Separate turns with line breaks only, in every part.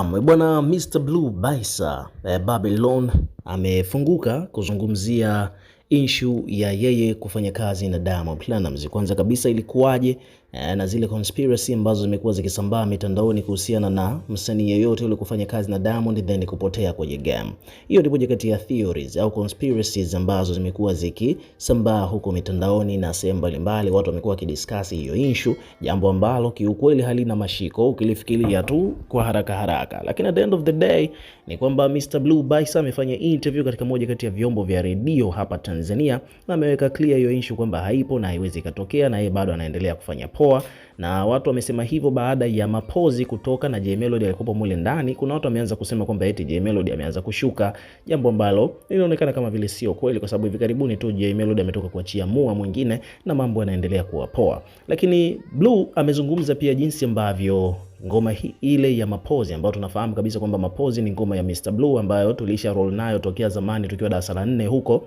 Naam, bwana Mr Blue Baisa, eh, Babylon amefunguka kuzungumzia inshu ya yeye kufanya kazi na Diamond Platnumz. Kwanza kabisa ilikuwaje, eh, na zile conspiracy ambazo zimekuwa zikisambaa mitandaoni kuhusiana na msanii yeyote yule kufanya kazi na Diamond then kupotea kwenye game. Hiyo ni moja kati ya theories au conspiracies ambazo zimekuwa zikisambaa huko mitandaoni na sehemu mbalimbali, watu wamekuwa wakidiscuss hiyo inshu, jambo ambalo kiukweli halina mashiko ukilifikiria tu kwa haraka haraka, lakini at the end of the day ni kwamba Mr Blue Bison amefanya interview katika moja kati ya vyombo vya redio hapa Tanzania. Tanzania na ameweka clear hiyo issue kwamba haipo na haiwezi ikatokea, na yeye bado anaendelea kufanya poa, na watu wamesema hivyo baada ya mapozi kutoka na Jay Melody alikopo mule ndani. Kuna watu wameanza kusema kwamba eti Jay Melody ameanza kushuka, jambo ambalo linaonekana kama vile sio kweli, kwa sababu hivi karibuni tu Jay Melody ametoka kuachia mua mwingine na mambo yanaendelea kuwa poa, lakini Blue amezungumza pia jinsi ambavyo ngoma hii ile ya mapozi ambayo tunafahamu kabisa kwamba mapozi ni ngoma ya Mr Blue ambayo tulisha roll nayo tokea zamani tukiwa darasa la nne huko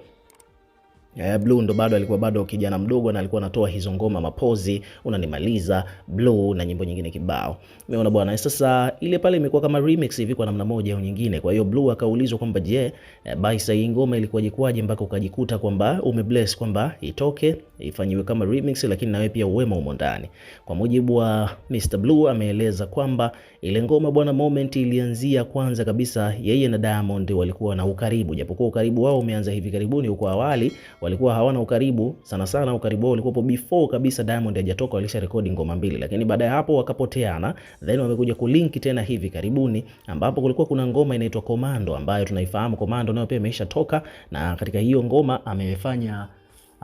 Blue ndo bado alikuwa bado kijana mdogo na alikuwa anatoa hizo ngoma mapozi, unanimaliza Blue na nyimbo nyingine kibao. Umeona bwana, eh, sasa ile pale imekuwa kama remix hivi kwa namna moja au nyingine. Kwa hiyo Blue akaulizwa kwamba je, eh, Baisa hii ngoma ilikuwaje kwaje mpaka ukajikuta kwamba umebless kwamba itoke ifanyiwe kama remix, lakini nawe pia uwemo umo ndani. Kwa mujibu wa Mr Blue ameeleza kwamba ile ngoma bwana, moment ilianzia kwanza kabisa, yeye na Diamond walikuwa na ukaribu, japokuwa ukaribu wao umeanza hivi karibuni huko awali walikuwa hawana ukaribu sana sana, ukaribu wao ulikuwa before kabisa Diamond hajatoka, walisha rekodi ngoma mbili, lakini baada ya hapo wakapoteana, then wamekuja kulinki tena hivi karibuni, ambapo kulikuwa kuna ngoma inaitwa Komando ambayo tunaifahamu. Komando nayo pia imeisha toka, na katika hiyo ngoma amefanya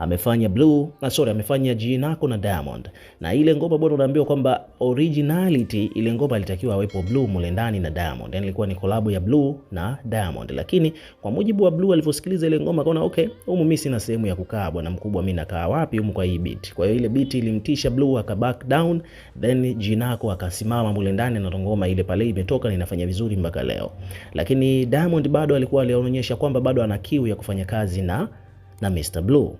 amefanya Blue na ah, sorry, amefanya Jinako na Diamond, na ile ngoma bwana, unaambiwa kwamba originality ile ngoma ilitakiwa awepo Blue mule ndani na Diamond, yani ilikuwa ni collab ya Blue na Diamond, lakini kwa mujibu wa Blue alivyosikiliza ile ngoma akaona okay, humu mimi sina sehemu ya kukaa bwana mkubwa, mimi nakaa wapi humu kwa hii beat. Kwa hiyo ile beat ilimtisha Blue aka back down, then Jinako akasimama mule ndani na ngoma ile pale imetoka na inafanya vizuri mpaka leo, lakini Diamond bado alikuwa alionyesha kwamba bado ana kiu ya kufanya kazi na na Mr Blue.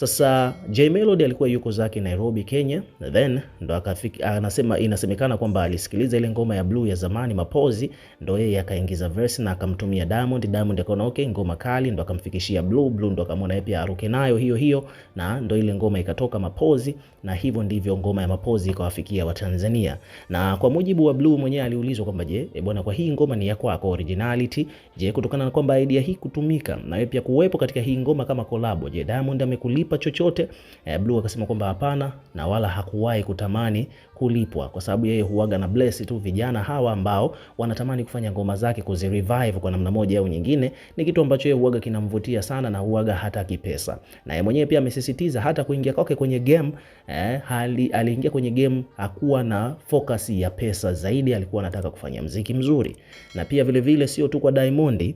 Sasa Jay Melody alikuwa yuko zake Nairobi, Kenya, then ndo akafika, anasema inasemekana kwamba alisikiliza ile ngoma ya Blue ya zamani Mapozi, ndo yeye akaingiza verse na akamtumia Diamond. Diamond akaona okay, ngoma kali, ndo akamfikishia Blue. Blue ndo akamwona yeye pia aruke nayo hiyo hiyo, na ndo ile ngoma ikatoka Mapozi, na hivyo ndivyo ngoma ya Mapozi ikawafikia Watanzania. Na kwa mujibu wa Blue mwenyewe aliulizwa kwamba je, e bwana, kwa hii ngoma ni ya kwako originality? Je, kutokana na kwamba idea hii kutumika na wewe pia kuwepo katika hii ngoma kama collab, je Diamond amekulipa kulipa chochote e, Blue akasema kwamba hapana na wala hakuwahi kutamani kulipwa kwa sababu yeye huaga na bless tu vijana hawa ambao wanatamani kufanya ngoma zake kuzirevive kwa namna moja au nyingine. Ni kitu ambacho yeye huaga kinamvutia sana na huaga hata kipesa. na yeye mwenyewe pia amesisitiza hata kuingia kwake kwenye game eh, aliingia kwenye game hakuwa na focus ya pesa zaidi, alikuwa anataka kufanya mziki mzuri, na pia vile vile sio tu kwa Diamond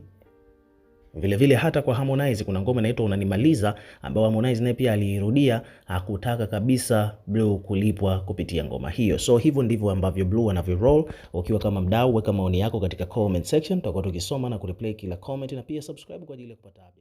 Vilevile vile hata kwa Harmonize kuna ngoma inaitwa Unanimaliza ambayo Harmonize naye pia aliirudia, hakutaka kabisa Blue kulipwa kupitia ngoma hiyo. So hivyo ndivyo ambavyo Blue anavyo roll. Ukiwa kama mdau, weka maoni yako katika comment section, tutakuwa tukisoma na kureplay kila comment, na pia subscribe kwa ajili ya kupata update.